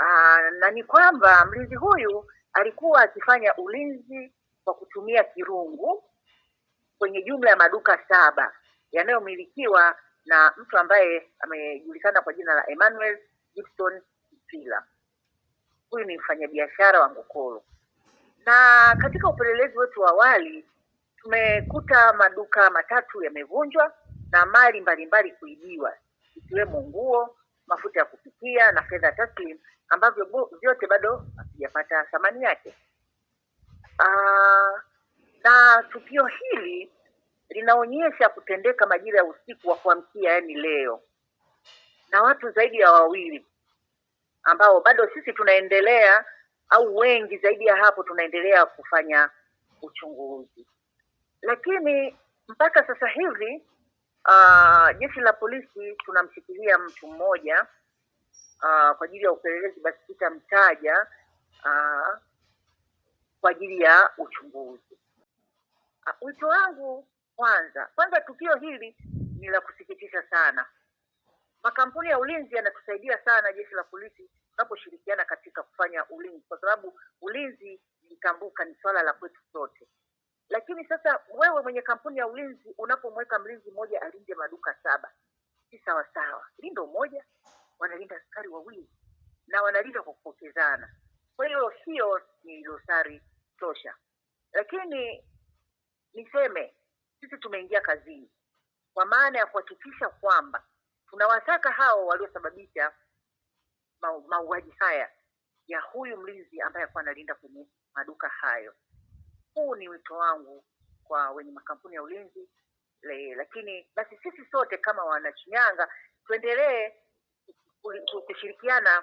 Aa, ah, na ni kwamba mlinzi huyu alikuwa akifanya ulinzi kwa kutumia kirungu kwenye jumla ya maduka saba yanayomilikiwa na mtu ambaye amejulikana kwa jina la Emmanuel Gibson Mpila. Huyu ni mfanyabiashara wa Ngokoro, na katika upelelezi wetu wa awali tumekuta maduka matatu yamevunjwa na mali mbalimbali kuibiwa ikiwemo nguo, mafuta ya kupikia na fedha taslim ambavyo vyote bado hatujapata thamani yake. Aa, ah, na tukio hili linaonyesha kutendeka majira ya usiku wa kuamkia, yaani leo, na watu zaidi ya wawili ambao bado sisi tunaendelea au wengi zaidi ya hapo tunaendelea kufanya uchunguzi, lakini mpaka sasa hivi uh, jeshi la polisi tunamshikilia mtu mmoja uh, kwa ajili ya upelelezi basi tutamtaja uh, kwa ajili ya uchunguzi. Uh, wito wangu kwanza kwanza, tukio hili ni la kusikitisha sana. Makampuni ya ulinzi yanatusaidia sana jeshi la polisi tunaposhirikiana katika kufanya ulinzi, kwa sababu ulinzi nikambuka ni swala la kwetu sote. Lakini sasa wewe mwenye kampuni ya ulinzi unapomweka mlinzi mmoja alinde maduka saba, si sawa sawa Lindo moja wanalinda askari wawili na wanalinda kwa kupokezana. Kwa hiyo hiyo ni dosari tosha, lakini niseme sisi tumeingia kazini kwa maana ya kuhakikisha kwamba tunawataka hao waliosababisha mauaji haya ya huyu mlinzi ambaye alikuwa analinda kwenye maduka hayo. Huu ni wito wangu kwa wenye makampuni ya ulinzi le, lakini basi sisi sote kama wanachinyanga tuendelee kushirikiana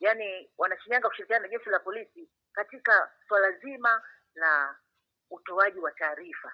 yani wanashinyanga kushirikiana na jeshi la polisi katika swala zima la utoaji wa taarifa.